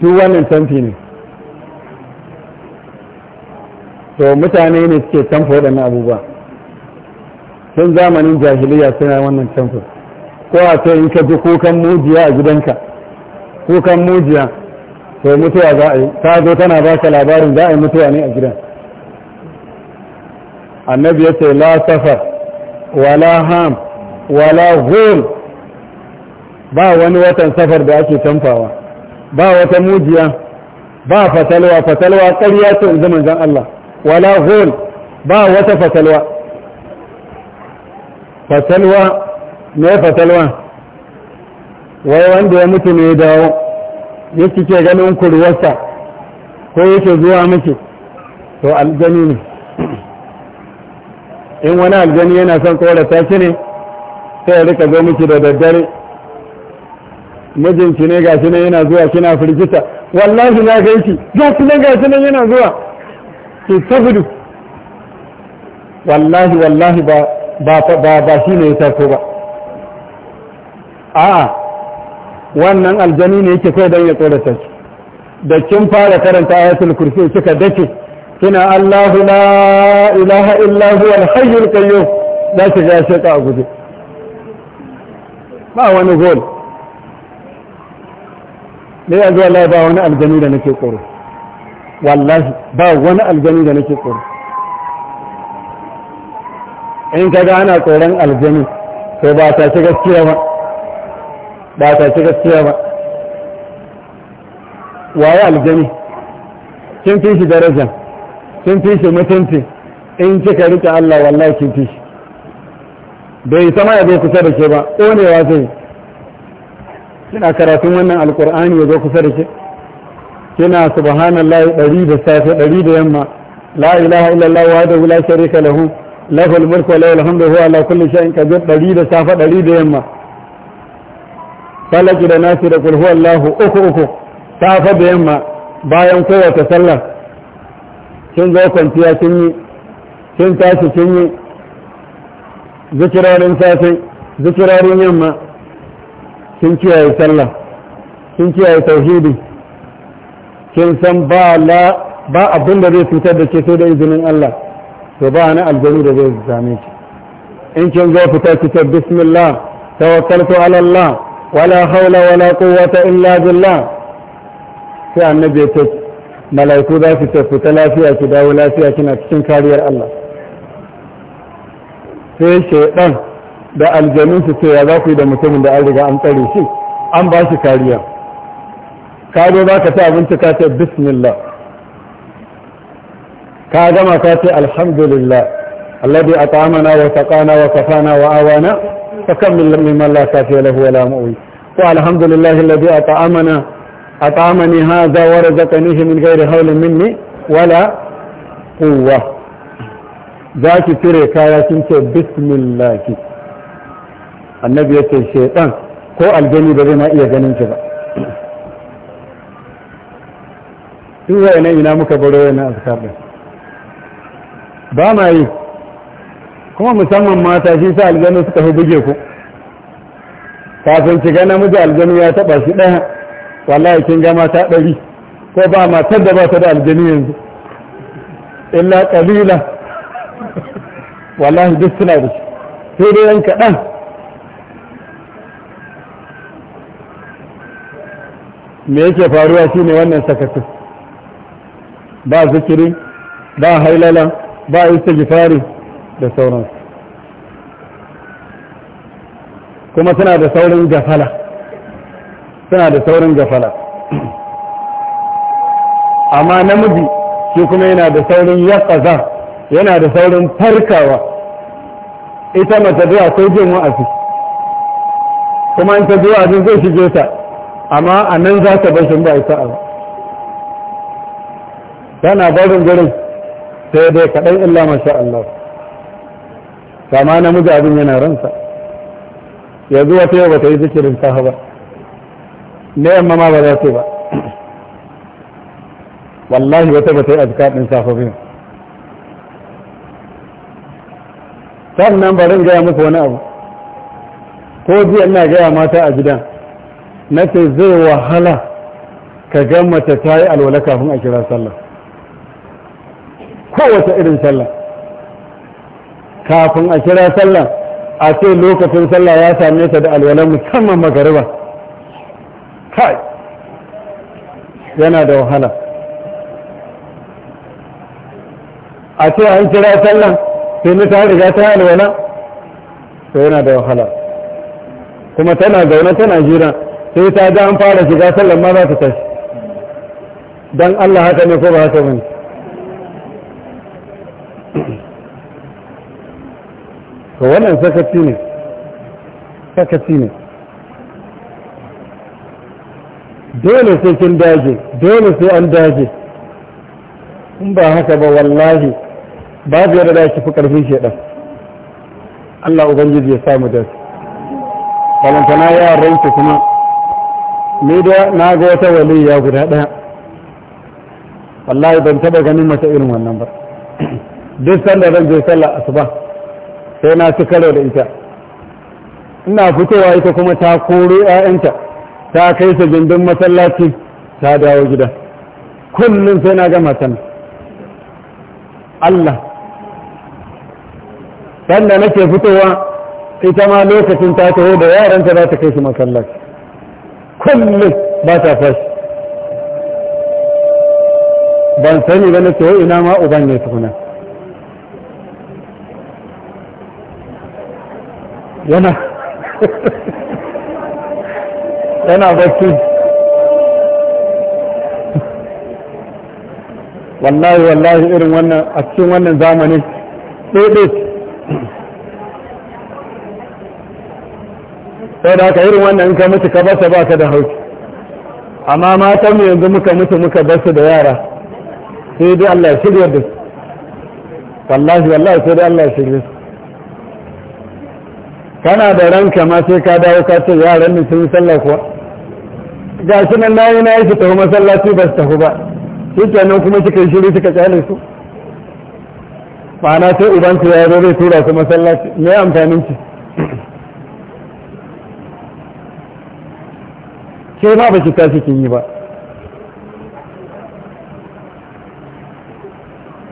A: tu wannan tamfi ne to mutane ne suke tamfa waɗannan abubuwa tun zamanin jahiliya suna wannan canfin ko a ce in ka ji kukan mujiya a gidanka kukan mujiya to mutuwa za a yi ta zo tana ba ka labarin za a yi mutuwa ne a gidan annabi ya ce la safar wala ham wala ghul ba wani watan safar da ake canfawa ba wata mujiya ba fatalwa fatalwa ƙarya ce in zama Allah wala ghul ba wata fatalwa fatalwa me fatalwa wai wanda ya mutu ne dawo ya cike ganin kurwarsa ko yake zuwa miki to aljani ne in wani aljani yana son korata shi ne sai ya rika zo miki da daddare mijinki ne shi nan yana zuwa kina firgita wallahi na ga yake ne nan shi nan yana zuwa ki ta gudu wallahi wallahi ba ba shi ne ya taso ba a'a wannan aljani ne yake kai don ya tsorata su da kin fara karanta ayatul kursi suka dace, kina Allahu la ilaha illa huwal hayyul qayyum za ki ga shaka a guje ba wani gol ne yanzu wallahi ba wani aljani da nake tsoro wallahi ba wani aljani da nake tsoro in ka gana tsoron aljini to ba ta ci gaskiya ba ba ta ci gaskiya ba waye aljini kin fi shi daraja kin fi shi mutunci in kika rike Allah wallahi kin fi shi bai sama ya zo kusa da ke ba ƙonewa zai kina karatun wannan alkur'ani ya zo kusa da ke kina subhanallahi ɗari da safe ɗari da yamma la ilaha illallah wa da wula sharika lahu lahul mulku wa lahul hamdu huwa ala kulli shay'in qadir dari da safa dari da yamma falaki da nasi da kulhu Allahu uku uku safa da yamma bayan kowace sallah kin zo kwanciya kin yi kin tashi kin yi zikirarin safe zikirarin yamma kin kiyaye sallah kin kiyaye tauhidi kin san ba la ba abin da zai cutar da ke sai da izinin Allah to ba ni aljanu da zai same shi in kin zo fita ki ta bismillah tawakkaltu ala Allah wala hawla wala quwwata illa billah sai annabi ya ce malaiku za su ce fita lafiya ki dawo lafiya kina cikin kariyar Allah sai shaidan da aljanu su ce ya za ku da mutumin da an riga an tsare shi an ba shi kariya ka zo za ka ci abinci ka ce bismillah ka gama ka ce alhamdulillah alladhi at'amana wa saqana wa kafana wa awana fa kam min mimman la kafiya lahu wa la mu'in ko alhamdulillah alladhi at'amana at'amani hadha wa razaqanihi min ghairi hawlin minni wala quwwa zaki tire kaya kin ce bismillah annabi yace shedan ko aljani ba zai iya ganin ki ba duk wa'ina ina muka baro wa'ina azkar din ba ma yi kuma musamman mata shi sa aljanu suka fi buge ku kafin shiga namiji aljanu ya taba shi ɗaya wallahi kin ga mata ɗari ko ba matar da ba ta da aljanu yanzu illa ƙalila wallahi duk suna da shi sai dai yan kaɗan me yake faruwa shine wannan sakatun ba zikirin ba hailalan. ba a istighfari da sauransu kuma suna da saurin gafala suna da saurin gafala amma namiji shi kuma yana da saurin yakaza yana da saurin farkawa ita mace da akwai jin wa'azi kuma in ta a wa'azin zai shige ta amma a nan za ta bashin ba ita ba tana barin gurin sai dai kaɗan illa masha Allah kama namiji abin yana ransa yanzu wata yau ba ta yi zikirin saha ba ne yamma ma ba za su ba wallahi wata ba ta yi azkar ɗin biyu sannan barin gaya muku wani abu ko jiya ina gaya mata a gidan na ce zai wahala ka gammata ta yi alwala kafin a kira sallah kowace irin sallah kafin a kira sallah a ce lokacin sallah ya same ta da alwala musamman magariba kai yana da wahala a ce an kira sallah sai na ta riga ta alwala to yana da wahala kuma tana zaune tana jira sai ta ji an fara shiga sallah ma za ta tashi don Allah haka ne ko ba haka bane to wannan sakaci ne sakaci ne dole sai kin daje dole sai an daje in ba haka ba wallahi ba yadda da shi fi karfin shedan Allah ubangiji ya samu da su
B: falantana ya
A: su kuma ni da na ga wata waliya guda ɗaya wallahi ban taba ganin mata irin wannan ba duk sanda zan je sallah asuba sai na ci karo da ita ina fitowa ita kuma ta kori 'ya'yanta ta kai su gindin masallaci ta dawo gida kullum sai na gama sana Allah sanda nake fitowa ita ma lokacin ta taho da yaranta za ta kai su masallaci kullum ba ta fashi ban sani ba na ce ina ma uban ne tukuna yana yana bakki wallahi wallahi irin wannan a cikin wannan zamanin ɗaiɗai sai da haka irin wannan in ka mutu ka basa ba ka da hauki amma matan mu yanzu muka mutu muka basu da yara sai dai Allah ya shirya da su wallahi wallahi sai dai Allah ya shirya su kana da ranka ma sai ka dawo ka ce yaran ne sun sallah kuwa ga shi nan nayi na yake tafi masallaci ba su tafi ba yake nan kuma kika yi shiru kika kyale su ma'ana sai uban ku ya zo zai tura su masallaci me amfanin ki ke ma ba ki tashi kin yi ba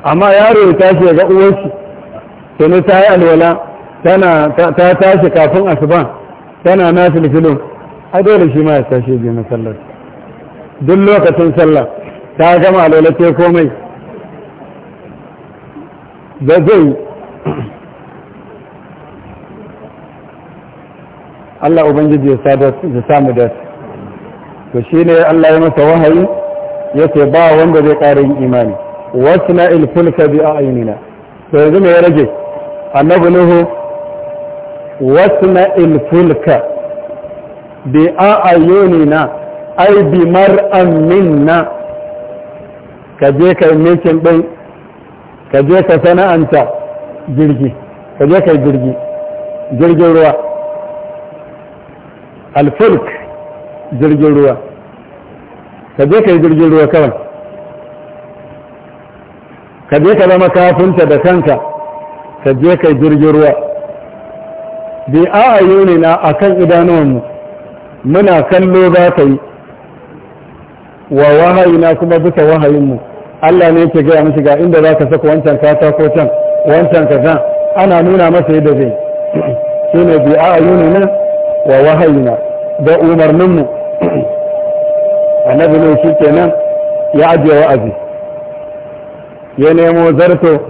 A: amma yaro ya tashi ya ga uwarsa sai ta yi alwala tana ta tashi kafin asuba tana na filo a dole shi ma ya tashi biyu na sallar duk lokacin sallah ta gama lalace komai da zai Allah Ubangiji ya samu da to shi ne Allah ya masa wahayi ya ce ba wanda zai yin imani wasu na ilfulka bi a ainihina to yanzu mai rage annabi nuhu wasna ilfulka bi a'ayunina ai bi mar'an minna ka je ka yi mekin ɗin ka je ka sana'anta jirgi ka je ka yi jirgi jirgin ruwa alfulk jirgin ruwa ka je ka yi jirgin ruwa kawai ka je ka zama kafinta da kanka ka je ka yi jirgin ruwa bi a ayyuni na akan idanuwanmu muna kallo za ka yi wa na kuma bisa wahayinmu Allah ne yake gaya mishi ga inda za ka saka wancan kata ko can wancan ka ana nuna masa yadda zai shi ne bi a ayyuni na wa wahayi na da umarninmu annabi ne shi kenan ya ajiye wa'azi ya nemo zarto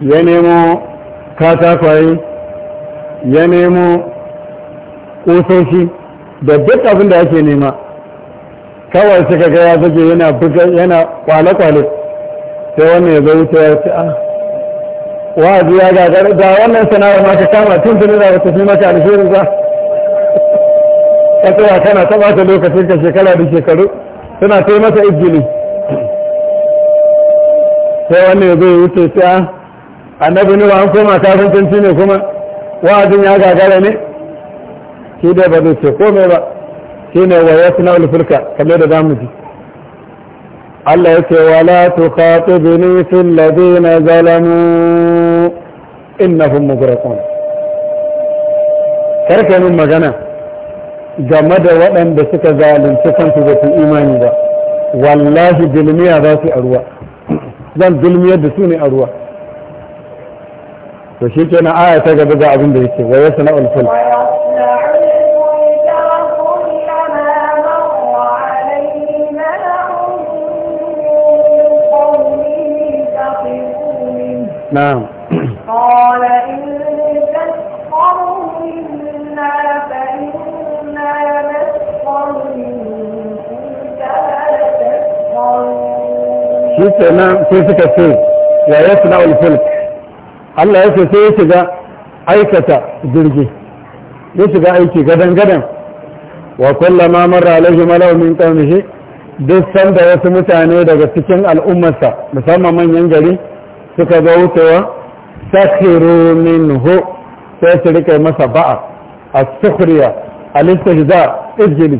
A: ya nemo katakwaye ya nemo ƙusoshi da duk abin da ake nema kawai suka ga ya zage yana buga yana kwale-kwale sai wannan ya zo wuce ya ce ah wa'azi ya gagara da wannan sana'ar ma ka kama tun tuni da wata fi maka alherin ba ka tsaya kana ta bata lokacin ka shekara da shekaru suna kai masa izgili sai wannan ya zo ya wuce sai ah annabi ne ba an koma kafin kafintanci ne kuma wa'azin ya gagara ne shi dai ba zai ce komai ba shi ne wa ya suna ulfulka kamar da zamu ji Allah ya ce wa la tuqatu bi nisil ladina zalamu innahum kar karka min magana game da waɗanda suka zalunci kansu da su imani ba wallahi bilmiya za su a ruwa zan bilmiyar da su ne a ruwa to shi kenan aya ta gaba ga abin da yake wa yasna fulk
C: نعم
B: قال إن تسخروا منا فإنا نسخر منكم كما تسخرون
A: شيء نعم كيف تكفي لا يصنع الفلك Allah ya sai ya shiga aikata jirgi ya shiga aiki gadan gadan wa ma marra alaihi malau min qawmihi duk sanda wasu mutane daga cikin al'ummarsa musamman manyan gari suka ga wucewa sakhiru minhu sai su rike masa ba'a as-sukhriya al-istihza ijli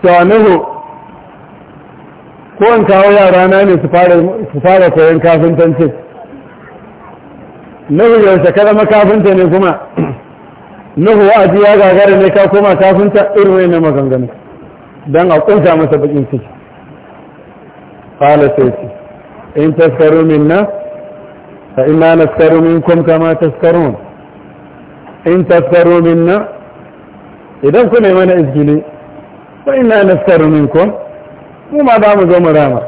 A: sanuhu ko an kawo yara na ne su fara koyon kafintanci nuhu yaushe ka kafinta ne kuma nuhu wa'azi ya gagara ne ka koma kafinta irin wani maganganu don a kunta masa bakin ciki ƙala sai in taskaru min na fa ina naskaru min kum kama taskaru in taskaru min na idan ku ne mana izgili Ko ina naskaru min kum mu ma za mu zo mu rama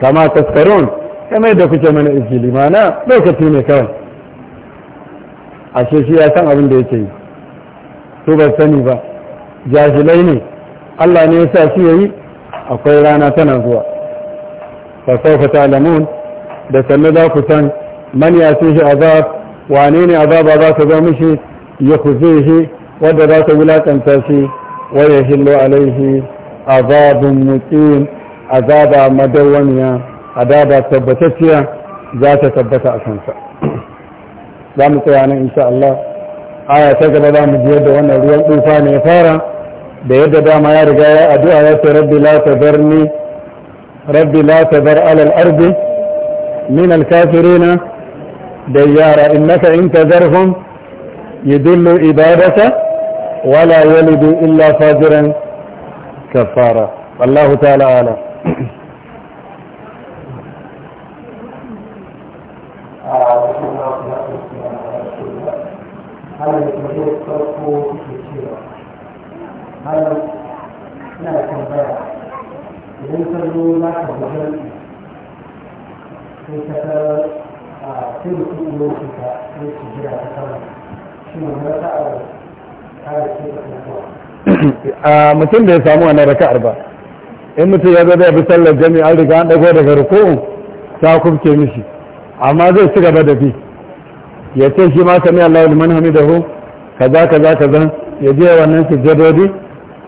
A: kama taskarun kamar da kuke mana izgili mana lokaci ne kawai ashe shi ya san abin da yake yi su ba sani ba jahilai ne Allah ne ya sa shi yayi akwai rana tana zuwa fa sawfa ta'lamun da sanne za ku san man ya shi azab wane ne azaba za ta zo mishi ya kuzehi wadda za ta wulakanta shi wa yahillu alaihi azabun muqim azaba madawaniya azaba tabbatacciya za ta tabbata a kansa za mu tsaya nan insha Allah aya ta gaba za mu je da wannan ruwan tsufa ne fara da yadda dama ya riga ya addu'a ya ce rabbi la tadarni rabbi la tadar ala al-ardi min al-kafirin dayyara innaka in tadarhum yudillu ibadaka wala yalidu illa fajiran kafara wallahu ta'ala alam
D: da
A: a mutum da ya samu wannan raka'ar ba in mutum ya zaba ya bi sallar jami'ar riga an dago daga rukun ta kufke mishi amma zai ci gaba da bi ya ce shi ma sami Allah liman hamidahu kaza kaza kaza ya je wannan sujjadodi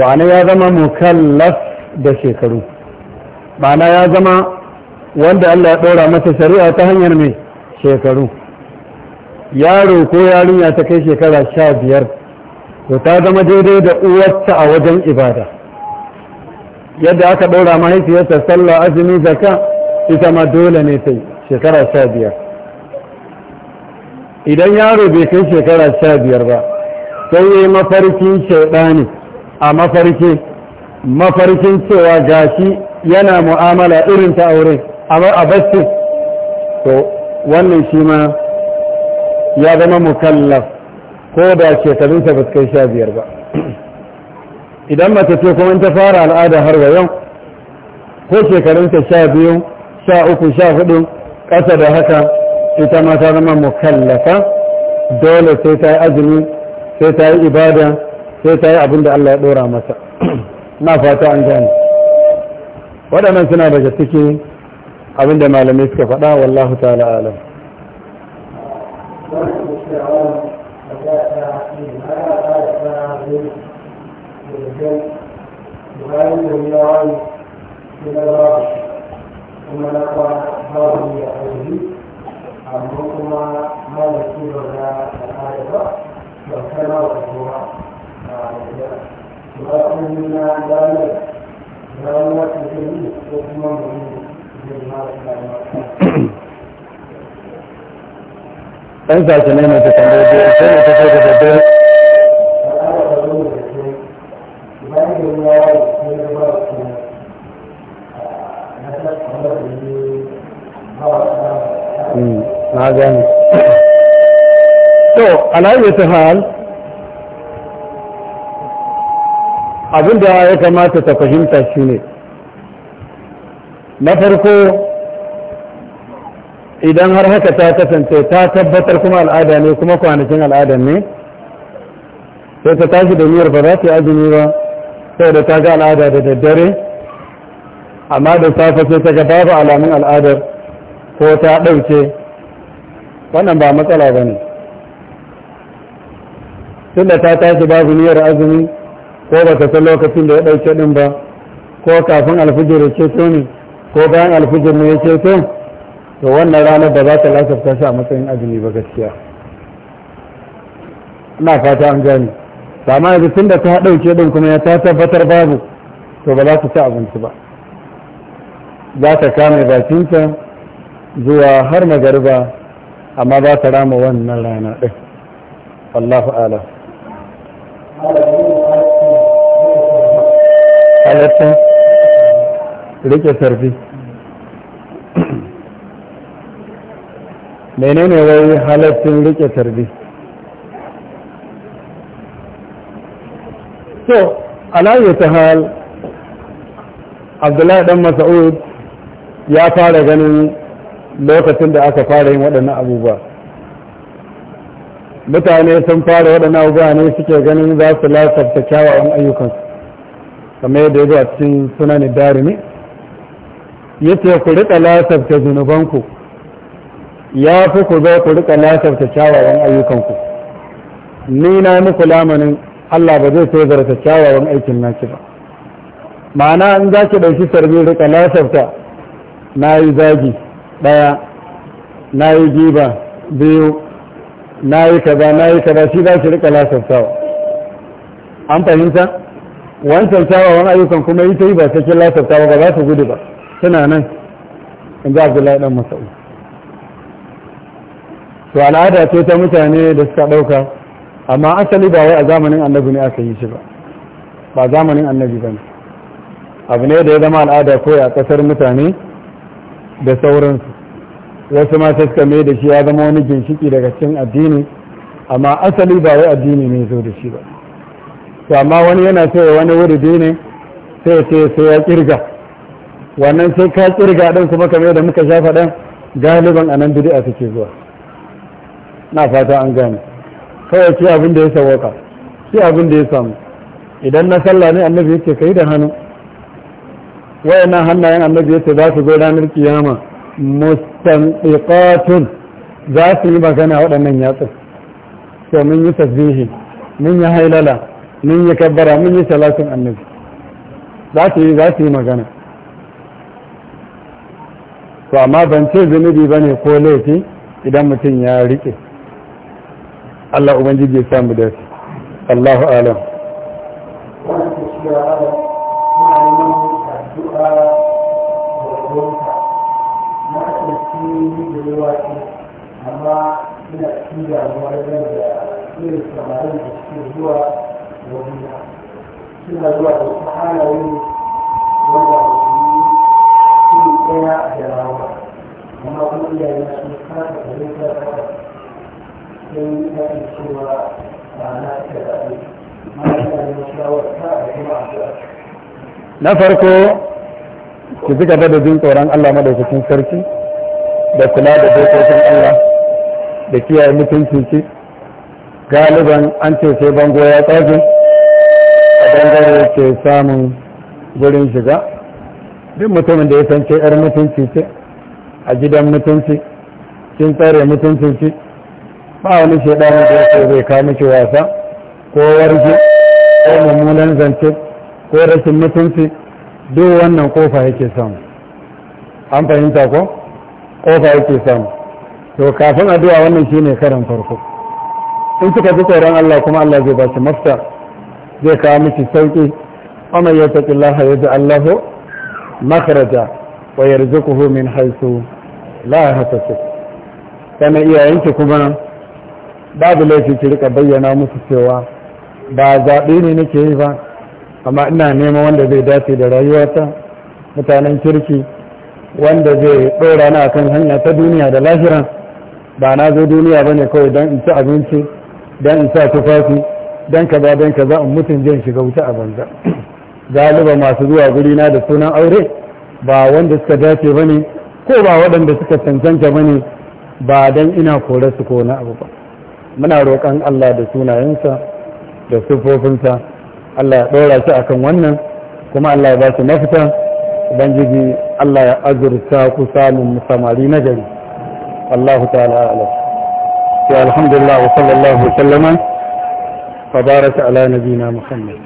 A: to ya zama mukallaf da shekaru ma'ana ya zama wanda Allah ya ɗora mata shari'a ta hanyar mai shekaru yaro ko yarinya ta kai shekara sha biyar to ta zama daidai da uwarta a wajen ibada yadda aka ɗora mahaifiyarta sallah azumi zaka ita ma dole ne ta shekara sha biyar idan yaro bai kai shekara sha biyar ba sai yi mafarkin shaiɗani a mafarki mafarkin cewa gashi yana mu'amala irin ta aure a bacci to wannan shi ma ya zama mukallaf ko da shekarunsa ba su kai sha biyar ba idan mace ce kuma ta fara al'ada har wa yau ko shekarunta sha biyu sha uku sha hudu ƙasa da haka ita ma ta zama mukallafa dole sai ta yi azumi sai ta yi ibada sai ta yi abin da Allah ya ɗora masa na fata an gane waɗannan suna daga cikin abin da malamai suka faɗa wallahu ta'ala alam
D: amma kuma malakin da za a ba da kama da kowa وأكل مما ذلك ذلك الجميع وكما
A: to hal abin da ya kamata ta fahimta shi ne na farko idan har haka ta kasance ta tabbatar kuma al'ada ne kuma kwanakin al'ada ne sai ta tashi da niyyar ba za ta yi azumi ba sai da ta ga al'ada da daddare amma da safe sai ta ga babu alamun al'adar ko ta ɗauke wannan ba matsala ba ne tunda ta tashi babu niyyar azumi ko ba ta san lokacin da ya ɗauke ɗin ba ko kafin alfijir ya ceto ne ko bayan alfijir ne ya ceto to wannan ranar da za ta lasafta shi a matsayin azumi ba gaskiya ina fata an gani amma yanzu tun da ta ɗauke ɗin kuma ya ta tabbatar babu to ba za ta ci abinci ba za ta kame bakinta zuwa har magariba amma za ta rama wannan rana ɗin Allahu ala. alatan rike sarfi menene wai halattun rike sarfi so alayya ta hal abdullahi dan masa'ud ya fara ganin lokacin da aka fara yin waɗannan abubuwa mutane sun fara waɗannan abubuwa ne suke ganin za su lasafta kyawawan ayyukansu kamar yadda ya zo a cikin sunan darimi ce ku rika lasafta zunubanku ya fi ku zo ku rika lasafta kyawawan ayyukanku ni na muku lamanin Allah ba zai sai zarta kyawawan aikin naki ba ma'ana in za ki ɗauki sarbi rika lasafta na yi zagi ɗaya na yi giba biyu na yi kaza na yi kaza shi za ki rika lasaftawa an fahimta wancan wani ayyukan kuma ita yi ba cikin lasafta ba za su gudu ba suna nan in za a gula ɗan masa'u to al'ada ce ta mutane da suka ɗauka amma asali ba wai a zamanin annabi ne aka yi shi ba ba zamanin annabi ba ne abu ne da ya zama al'ada kawai a ƙasar mutane da sauransu wasu ma suka mai da shi ya zama wani ginshiki daga cikin addini amma asali ba wai addini ne zo da shi ba to amma wani yana so ya wani wuri ne sai ce sai ya kirga wannan sai ka kirga din kuma kamar da muka sha faɗan galiban a nan bid'a suke zuwa na fata an gane kawai ci abin da ya sawaka ci abin da ya samu idan na sallah ne annabi yake kai da hannu wayannan hannayen annabi yake za su zo ranar kiyama mustanqiqatun za su yi magana waɗannan yatsun to mun yi tasbihi mun yi hailala mun yi kabbara mun yi salatin annabi za su yi za su yi magana to amma ban ce zunubi ba ne ko laifi idan mutum ya riƙe Allah Ubangiji ya samu da su Allahu alam
D: amma you. da samarin da zuwa
C: na farko ki
A: zika da jin tsoron Allah da madaukakin sarki da kula da dokokin Allah da kiyaye mutuncinki galiban an ce sai bango ya tsaje bangare ke samun gurin shiga duk mutumin da ya san ce yar mutunci ce a gidan mutunci kin tsare mutunci ce ba wani shaidan da ya ce zai kawo miki wasa ko warke ko mummunan zance ko rashin mutunci duk wannan kofa yake samu an fahimta ko kofa yake samu to kafin addu'a wannan shine karan farko in suka ji tsoron Allah kuma Allah zai ba su mafita zai kawo miki sauki Allahu. يتق wa يجعل له ku ويرزقه من حيث لا Kana iya iyayenki kuma babu laifi ki rika bayyana musu cewa ba zaɓi ne nake yi ba amma ina neman wanda zai dace da rayuwata mutanen kirki wanda zai ɗora na kan hanya ta duniya da lahira ba na zo duniya ba kawai don in ci abinci don in sa tufafi dan kaza dan kaza in mutun zai shiga wuta a banza galiba masu zuwa guri na da sunan aure ba wanda suka dace bane ko ba waɗanda suka cancanta bane ba dan ina kore su ko na abu ba muna roƙon Allah da sunayensa da sifofinsa Allah ya ɗora shi akan wannan kuma Allah ya ba su mafita ubangiji Allah ya azurta ku samun samari na gari allahu ta'ala alhamdulillah wa sallallahu wa sallama وبارك على نبينا
C: محمد